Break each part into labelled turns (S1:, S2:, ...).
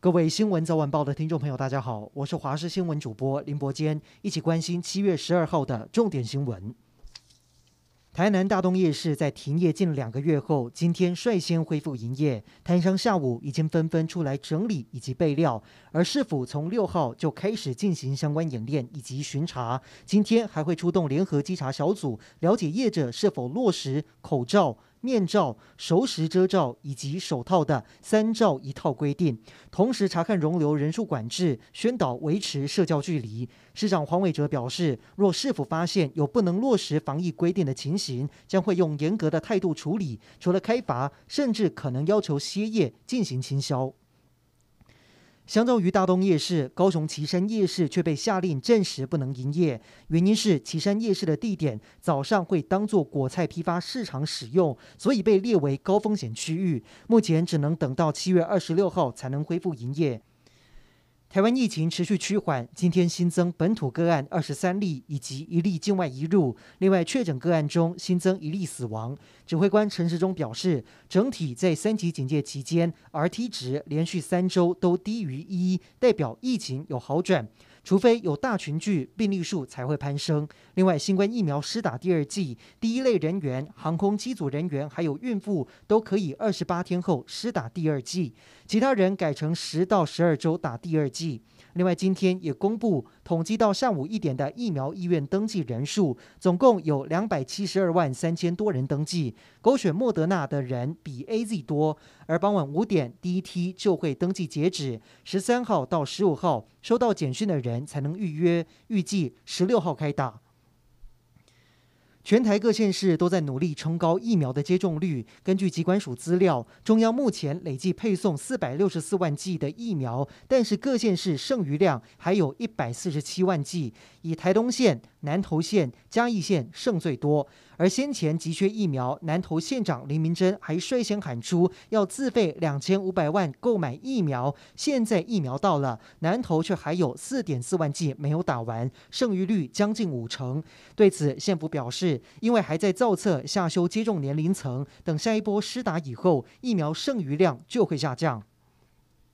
S1: 各位新聞早晚報的聽眾朋友，大家好，我是華視新聞主播林伯堅，一起關心七月十二號的重點新聞。台南大東夜市在停業近兩個月後，今天率先恢復營業，攤商下午已經紛紛出來整理以及備料。而市府從六號就開始進行相關演練以及巡查，今天還會出動聯合稽查小組，了解業者是否落實口罩。面罩、熟食遮罩以及手套的三罩一套規定，同時查看容留人數管制，宣導維持社交距離。市長黃偉哲表示，若市府發現有不能落實防疫規定的情形，將會用嚴格的態度處理，除了開罰，甚至可能要求歇業進行清消。相較於大東夜市，高雄旗山夜市卻被下令暫時不能營業，原因是旗山夜市的地點早上會當作果菜批發市場使用，所以被列為高風險區域，目前只能等到七月二十六號才能恢復營業。台灣疫情持續趨緩，今天新增本土個案二十三例，以及一例境外移入。另外，確診個案中新增一例死亡。指揮官陳時中表示，整體在三級警戒期間，Rt 值連續三周都低於一，代表疫情有好轉。除非有大群聚，病例數才會攀升。另外，新冠疫苗施打第二劑，第一類人員、航空機組人員，還有孕婦都可以二十八天後施打第二劑，其他人改成十到十二週打第二劑。另外，今天也公布統計到上午一點的疫苗醫院登記人數，總共有兩百七十二萬三千多人登記。勾選莫德納的人比 AZ 多，而傍晚五點第一梯就會登記截止。十三號到十五號收到簡訊的人，才能預約，預計十六號開打。全台各縣市都在努力衝高疫苗的接種率，根據疾管署資料，中央目前累計配送四百六十四萬劑的疫苗，但是各縣市剩餘量還有一百四十七萬劑。以台東縣、南投縣、嘉義縣剩最多，而先前急缺疫苗，南投縣長林明溱還率先喊出要自費兩千五百萬購買疫苗。現在疫苗到了，南投卻還有四點四萬劑沒有打完，剩餘率將近五成。對此，縣府表示，因為還在造冊下修接種年齡層，等下一波施打以後，疫苗剩餘量就會下降。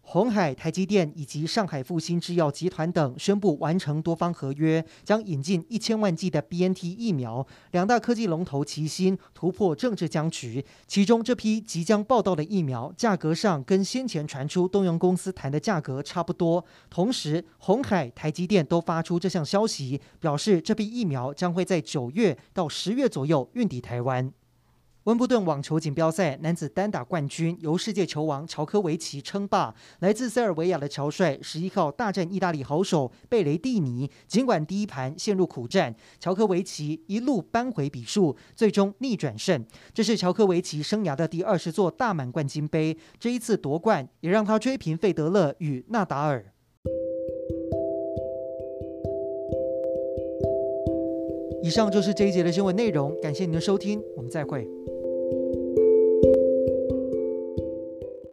S1: 鴻海、台積電以及上海復星制藥集團等宣布完成多方合約，將引進一千萬劑的 BNT 疫苗。兩大科技龍頭齊心突破政治僵局。其中，這批即將報到的疫苗價格上跟先前傳出東洋公司談的價格差不多。同時，鴻海、台積電都發出這項消息，表示這批疫苗將會在九月到十月左右運抵台灣。溫布頓網球錦標賽男子單打冠軍由世界球王喬科維奇稱霸。來自塞爾維亞的喬帥十一號大戰意大利好手貝雷蒂尼。儘管第一盤陷入苦戰，喬科維奇一路扳回比數，最終逆轉勝。這是喬科維奇生涯的第二十座大滿貫金杯。這一次奪冠，也讓他追平費德勒與納達爾。以上就是這一節的新聞內容，感謝您的收聽，我們再會。